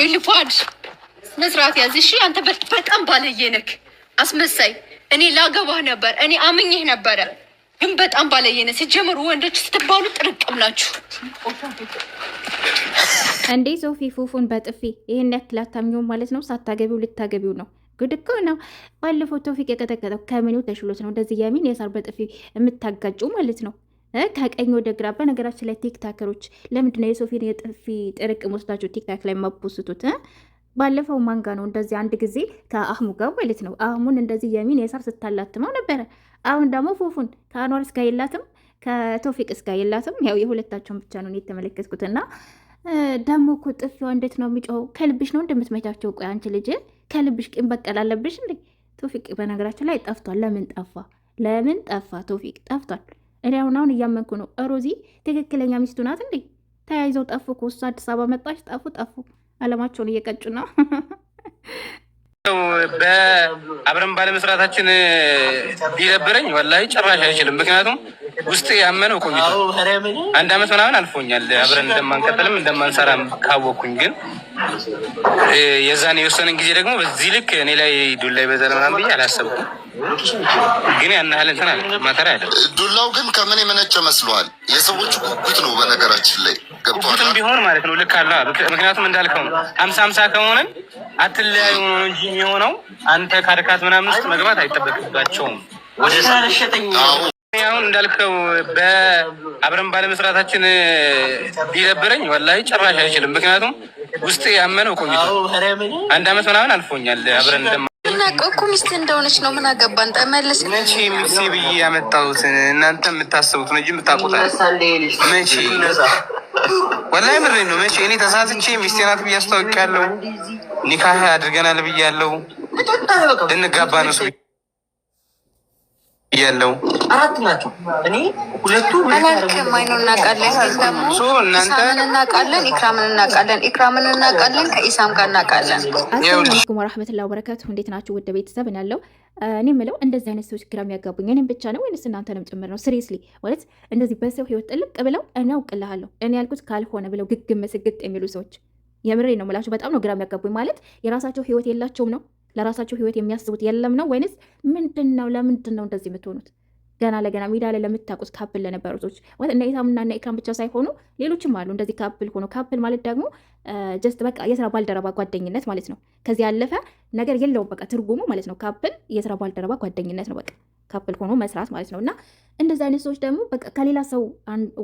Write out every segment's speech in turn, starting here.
ዩኒፎርም ስነ ስርዓት ያዝ። እሺ አንተ በጣም ባለየ ነክ አስመሳይ። እኔ ላገባህ ነበር፣ እኔ አምኜህ ነበረ፣ ግን በጣም ባለየ ነህ። ሲጀምሩ ወንዶች ስትባሉ ጥርቅም ናችሁ። እንዴ ሶፊ ፉፉን በጥፊ ይህን ያክል አታምኚውም ማለት ነው። ሳታገቢው ልታገቢው ነው። ጉድ እኮ ነው። ባለፈው ቶፊቅ የቀጠቀጠው ከምኑ ተሽሎት ነው እንደዚህ ያሚን የሳር በጥፊ የምታጋጩ ማለት ነው። ከቀኝ ወደ ግራ። በነገራችን ላይ ቲክታከሮች ለምንድነው የሶፊን የጥፊ ጥርቅ መስዳቸው ቲክታክ ላይ መቦስቱት? ባለፈው ማንጋ ነው እንደዚህ አንድ ጊዜ ከአህሙ ጋር ማለት ነው። አህሙን እንደዚህ የሚን የሳር ስታላትመው ነበረ። አሁን ደግሞ ፉፉን ከአኗር እስጋ የላትም ከቶፊቅ እስጋ የላትም። ያው የሁለታቸውን ብቻ ነው የተመለከትኩት። እና ደግሞ እኮ ጥፊዋ እንዴት ነው የሚጮኸው? ከልብሽ ነው እንደምትመቻቸው? ቆይ አንቺ ልጅ ከልብሽ ቅን በቀል አለብሽ እንዴ? ቶፊቅ በነገራችን ላይ ጠፍቷል። ለምን ጠፋ? ለምን ጠፋ? ቶፊቅ ጠፍቷል። እኔ አሁን አሁን እያመንኩ ነው። ሮዚ ትክክለኛ ሚስቱ ናት እንዴ? ተያይዘው ጠፉ እኮ እሱ አዲስ አበባ መጣች፣ ጠፉ ጠፉ። አለማቸውን እየቀጩ ነው። በአብረን ባለመስራታችን ቢደብረኝ ወላሂ ጭራሽ አይችልም። ምክንያቱም ውስጥ ያመነው ቆይቶ አንድ አመት ምናምን አልፎኛል አብረን እንደማንቀጥልም እንደማንሰራም ካወቅኩኝ ግን የዛን የወሰነን ጊዜ ደግሞ በዚህ ልክ እኔ ላይ ዱላ ይበዛል ምናምን ብዬ አላሰብኩም። ግን ያን ያህል እንትን አለ ማተር አለ። ዱላው ግን ከምን የመነጨ መስሏል? የሰዎቹ ጉጉት ነው። በነገራችን ላይ ገብቷል ቢሆን ማለት ነው ልክ አለ። ምክንያቱም እንዳልከው ሀምሳ ሀምሳ ከሆነን አትለያዩ ነው እንጂ የሚሆነው አንተ ካድካት ምናምን ውስጥ መግባት አይጠበቅባቸውም። አሁን እንዳልከው በአብረን ባለመስራታችን ቢደብረኝ ወላሂ ጭራሽ አይችልም ምክንያቱም ውስጥ ያመነው ቆይቶ አንድ አመት ምናምን አልፎኛል። አብረን እንደማናውቀው እኮ ሚስት እንደሆነች ነው። ምን አገባን? ጠመለስ መቼ ሚስቴ ብዬ ያመጣሁት እናንተ የምታስቡት ነው እንጂ የምታውቁት መቼ ወላሂ ምሬን ነው። መቼ እኔ ተሳትቼ ሚስቴ ናት ብዬ አስታውቂያለሁ። ኒካህ አድርገናል ብያለሁ። ልንጋባ ነው ሰው ብያለሁ። አራት ናቸው። እኔ ሁለቱ መላክ ማይኑ እናውቃለን፣ እናንተን እናውቃለን፣ ኢክራምን እናቃለን፣ ኢክራምን እናውቃለን፣ ከኢሳም ጋር እናቃለን። አሰላሙ አለይኩም ወራህመቱላሂ ወበረካቱ። እንዴት ናችሁ ውድ ቤተሰብ? ያለው እኔ የምለው እንደዚህ አይነት ሰዎች ግራ የሚያጋቡኝ እኔም ብቻ ነው ወይንስ እናንተንም ጭምር ነው? ሲሪየስሊ ማለት እንደዚህ በሰው ህይወት ጥልቅ ብለው እኔ አውቅልሃለሁ እኔ ያልኩት ካልሆነ ብለው ግግም ስግጥ የሚሉ ሰዎች የምሬ ነው የምላቸው። በጣም ነው ግራ የሚያጋቡኝ። ማለት የራሳቸው ህይወት የላቸውም ነው ለራሳቸው ህይወት የሚያስቡት የለም ነው ወይንስ ምንድን ነው? ለምንድን ነው እንደዚህ የምትሆኑት? ገና ለገና ሜዳ ላይ ለምታውቁት ካፕል ለነበሩ ሰዎች እነ ኢሳምና እነ ኢክራም ብቻ ሳይሆኑ ሌሎችም አሉ እንደዚህ ካፕል ሆኖ። ካፕል ማለት ደግሞ ጀስት በቃ የስራ ባልደረባ ጓደኝነት ማለት ነው። ከዚህ ያለፈ ነገር የለውም በቃ ትርጉሙ ማለት ነው። ካፕል የስራ ባልደረባ ጓደኝነት ነው። በቃ ካፕል ሆኖ መስራት ማለት ነው። እና እንደዚህ አይነት ሰዎች ደግሞ ከሌላ ሰው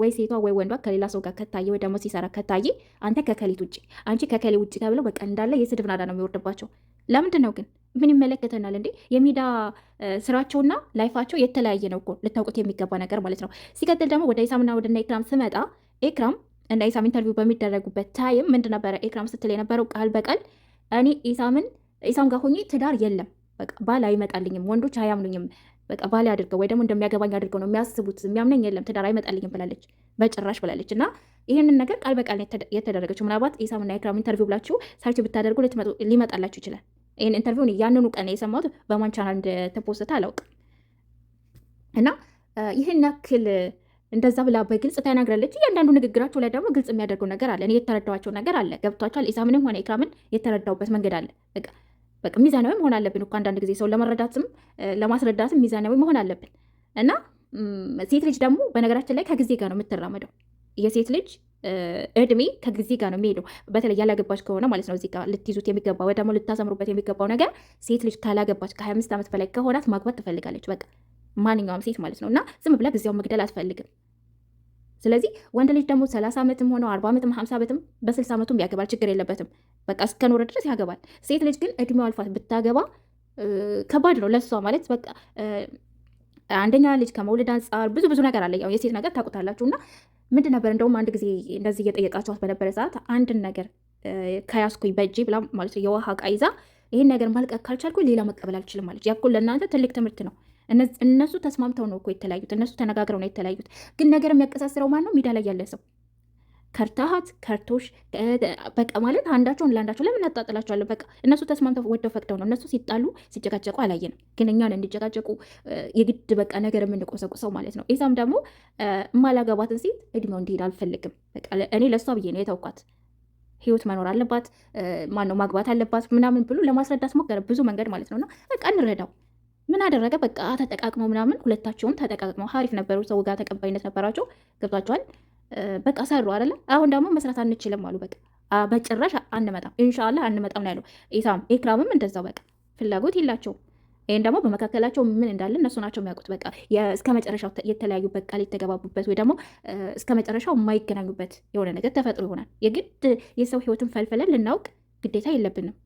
ወይ ሴቷ ወይ ወንዷ ከሌላ ሰው ጋር ከታየ ወይ ደግሞ ሲሰራ ከታየ አንተ ከከሊት ውጭ አንቺ ከከሌ ውጭ ተብለው በቃ እንዳለ የስድብ ናዳ ነው የሚወርድባቸው። ለምንድን ነው ግን ምን ይመለከተናል እንዴ? የሚዲያ ስራቸውና ላይፋቸው የተለያየ ነው እኮ ልታውቁት የሚገባ ነገር ማለት ነው። ሲቀጥል ደግሞ ወደ ኢሳምና ወደ ኤክራም ስመጣ ኤክራም እና ኢሳም ኢንተርቪው በሚደረጉበት ታይም ምንድን ነበረ ስትል የነበረው ቃል በቃል እኔ ኢሳምን ኢሳም ጋር ሆኜ ትዳር የለም በቃ ባል አይመጣልኝም፣ ወንዶች አያምኑኝም፣ በቃ ባል አድርገው ወይ ደግሞ እንደሚያገባኝ አድርገው ነው የሚያስቡት፣ የሚያምነኝ የለም፣ ትዳር አይመጣልኝም ብላለች፣ በጭራሽ ብላለች። እና ይህንን ነገር ቃል በቃል የተደረገችው ምናልባት ኢሳምና ኤክራም ኢንተርቪው ብላችሁ ሰርች ብታደርጉ ሊመጣላችሁ ይችላል። ይህን ኢንተርቪውን ያንኑ ቀን የሰማሁት በማን ቻናል እንደተፖስተ አላውቅም። እና ይህን ያክል እንደዛ ብላ በግልጽ ተናግራለች። እያንዳንዱ ንግግራቸው ላይ ደግሞ ግልጽ የሚያደርገው ነገር አለ። እኔ የተረዳኋቸው ነገር አለ። ገብቷቸዋል። ኢሳምንም ሆነ ኢክራምን የተረዳውበት መንገድ አለ። በቃ ሚዛናዊ መሆን አለብን እኮ አንዳንድ ጊዜ ሰው ለመረዳትም ለማስረዳትም ሚዛናዊ መሆን አለብን እና ሴት ልጅ ደግሞ በነገራችን ላይ ከጊዜ ጋር ነው የምትራመደው የሴት ልጅ እድሜ ከጊዜ ጋር ነው የሚሄደው። በተለይ ያላገባች ከሆነ ማለት ነው እዚህ ጋር ልትይዙት የሚገባ ወይ ደግሞ ልታሰምሩበት የሚገባው ነገር ሴት ልጅ ካላገባች ከ25 ዓመት በላይ ከሆናት ማግባት ትፈልጋለች። በቃ ማንኛውም ሴት ማለት ነው እና ዝም ብላ ጊዜው መግደል አትፈልግም። ስለዚህ ወንድ ልጅ ደግሞ ሰላሳ ዓመትም ሆነው አርባ ዓመትም ሀምሳ ዓመትም በስልሳ ዓመቱም ያገባል፣ ችግር የለበትም። በቃ እስከኖረ ድረስ ያገባል። ሴት ልጅ ግን እድሜው አልፏት ብታገባ ከባድ ነው ለሷ ማለት በቃ አንደኛ ልጅ ከመውለድ አንጻር ብዙ ብዙ ነገር አለ። ያው የሴት ነገር ታውቁታላችሁ እና ምንድን ነበር እንደውም አንድ ጊዜ እንደዚህ እየጠየቃቸዋት በነበረ ሰዓት አንድን ነገር ከያዝኩኝ በእጄ ብላ ማለት የውሃ እቃ ይዛ ይህን ነገር ማልቀቅ ካልቻልኩኝ ሌላ መቀበል አልችልም አለች። ያ ለእናንተ ትልቅ ትምህርት ነው። እነሱ ተስማምተው ነው እኮ የተለያዩት። እነሱ ተነጋግረው ነው የተለያዩት። ግን ነገር የሚያቀሳስረው ማን ነው? ሜዳ ላይ ያለ ሰው ከርታሃት ከርቶሽ በቃ ማለት አንዳቸውን ለአንዳቸው ለምን እናጣጥላቸዋለን? በቃ እነሱ ተስማምተው ወደው ፈቅደው ነው። እነሱ ሲጣሉ ሲጨቃጨቁ አላየንም፣ ግን እኛን እንዲጨቃጨቁ የግድ በቃ ነገር የምንቆሰቁሰው ማለት ነው። ኢሳም ደግሞ እማላገባትን ሴት እድሜው እንዲሄድ አልፈልግም። በቃ እኔ ለእሷ ብዬ ነው የተውኳት። ህይወት መኖር አለባት፣ ማነው ማግባት አለባት ምናምን ብሎ ለማስረዳት ሞከረ፣ ብዙ መንገድ ማለት ነውና በቃ እንረዳው ምን አደረገ? በቃ ተጠቃቅመው ምናምን ሁለታቸውም ተጠቃቅመው ሀሪፍ ነበሩ። ሰው ጋር ተቀባይነት ነበራቸው። ገብቷቸዋል። በቃ ሰሩ አለ። አሁን ደግሞ መስራት አንችልም አሉ። በቃ በጭራሽ አንመጣም፣ ኢንሻላህ አንመጣም ነው ያለው ኢሳም። ኤክራምም እንደዛው በቃ ፍላጎት የላቸውም። ይህን ደግሞ በመካከላቸው ምን እንዳለ እነሱ ናቸው የሚያውቁት። በቃ እስከ መጨረሻው የተለያዩበት ቃል የተገባቡበት ወይ ደግሞ እስከ መጨረሻው የማይገናኙበት የሆነ ነገር ተፈጥሮ ይሆናል። የግድ የሰው ህይወትን ፈልፈለን ልናውቅ ግዴታ የለብንም።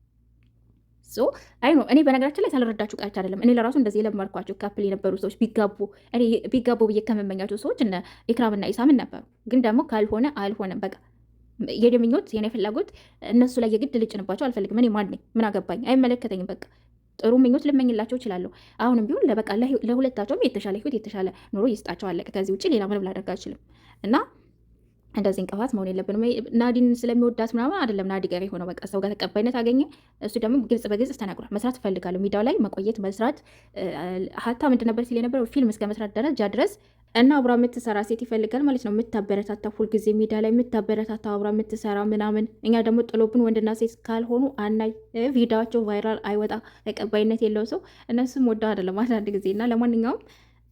አይ ነው እኔ በነገራችን ላይ ሳልረዳችሁ ቀርቼ አይደለም። እኔ ለራሱ እንደዚህ የለመድኳቸው ካፕል የነበሩ ሰዎች ቢጋቡ ቢጋቡ ብዬ ከምመኛቸው ሰዎች እነ ኢክራምና ኢሳምን ነበሩ። ግን ደግሞ ካልሆነ አልሆነም በቃ የእኔ ምኞት የእኔ ፍላጎት እነሱ ላይ የግድ ልጭንባቸው አልፈልግም። እኔ ማን ነኝ? ምን አገባኝ? አይመለከተኝም በቃ ጥሩ ምኞት ልመኝላቸው እችላለሁ። አሁንም ቢሆን ለበቃ ለሁለታቸውም የተሻለ ህይወት የተሻለ ኑሮ ይስጣቸው፣ አለቀ። ከዚህ ውጭ ሌላ ምንም ላደርግ አልችልም እና እንደዚህ እንቅፋት መሆን የለብንም። ናዲን ስለሚወዳት ምናምን አይደለም ናዲ ጋር የሆነው በቃ ሰው ጋር ተቀባይነት አገኘ። እሱ ደግሞ ግልጽ በግልጽ ተናግሯል። መስራት እፈልጋለሁ፣ ሚዲያው ላይ መቆየት መስራት ሀታ ምንድን ነበር ሲል የነበረው ፊልም እስከ መስራት ደረጃ ድረስ እና አብራ የምትሰራ ሴት ይፈልጋል ማለት ነው። የምታበረታታ ሁልጊዜ ሚዲያ ላይ የምታበረታታ አብራ የምትሰራ ምናምን። እኛ ደግሞ ጥሎብን ወንድና ሴት ካልሆኑ አናይ፣ ቪዲዮቸው ቫይራል አይወጣ፣ ተቀባይነት የለው ሰው እነሱም ወዳ አይደለም አንዳንድ ጊዜ እና ለማንኛውም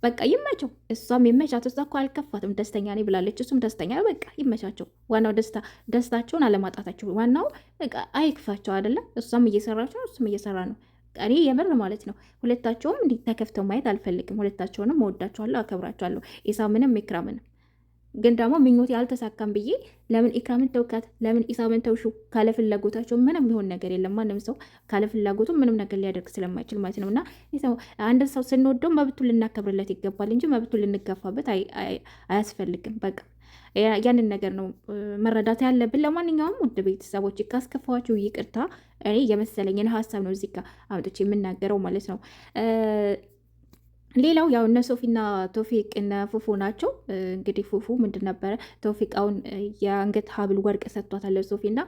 በቃ ይመቸው፣ እሷም ይመቻት። እሷ እኮ አልከፋትም፣ ደስተኛ ነኝ ብላለች፣ እሱም ደስተኛ ነው። በቃ ይመቻቸው። ዋናው ደስታ ደስታቸውን አለማጣታቸው ዋናው በቃ አይክፋቸው አይደለም። እሷም እየሰራች ነው፣ እሱም እየሰራ ነው። ቀሪ የምር ማለት ነው ሁለታቸውም እንዲህ ተከፍተው ማየት አልፈልግም። ሁለታቸውንም እወዳቸዋለሁ፣ አከብራቸዋለሁ። ኢሳምንም ኢክራምንም ግን ደግሞ ምኞት ያልተሳካም ብዬ ለምን ኢክራምን ተውካት፣ ለምን ኢሳምን ተውሹ፣ ካለፍላጎታቸው ምንም ሊሆን ነገር የለም። ማንም ሰው ካለፍላጎቱ ምንም ነገር ሊያደርግ ስለማይችል ማለት ነው። እና አንድ ሰው ስንወደው መብቱ ልናከብርለት ይገባል እንጂ መብቱ ልንገፋበት አያስፈልግም። በቃ ያንን ነገር ነው መረዳት ያለብን። ለማንኛውም ውድ ቤተሰቦች ካስከፋችሁ ይቅርታ። እኔ የመሰለኝን ሀሳብ ነው እዚህ ጋር አምጥቼ የምናገረው ማለት ነው። ሌላው ያው እነ ሶፊና ቶፊቅ እነ ፉፉ ናቸው። እንግዲህ ፉፉ ምንድን ነበረ ቶፊቅ አሁን የአንገት ሀብል ወርቅ ሰጥቷታል ሶፊና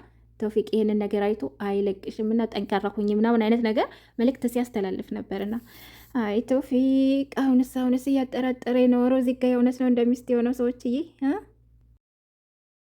ቶፊቅ ይህንን ነገር አይቶ አይለቅሽም እና ጠንካራ ሁኝ ምናምን አይነት ነገር መልእክት ሲያስተላልፍ ነበርና፣ አይ ቶፊቅ አሁንስ አሁንስ እያጠራጠረ የኖረው እዚህ ጋ የእውነት ነው እንደሚስት የሆነው ሰዎች ይህ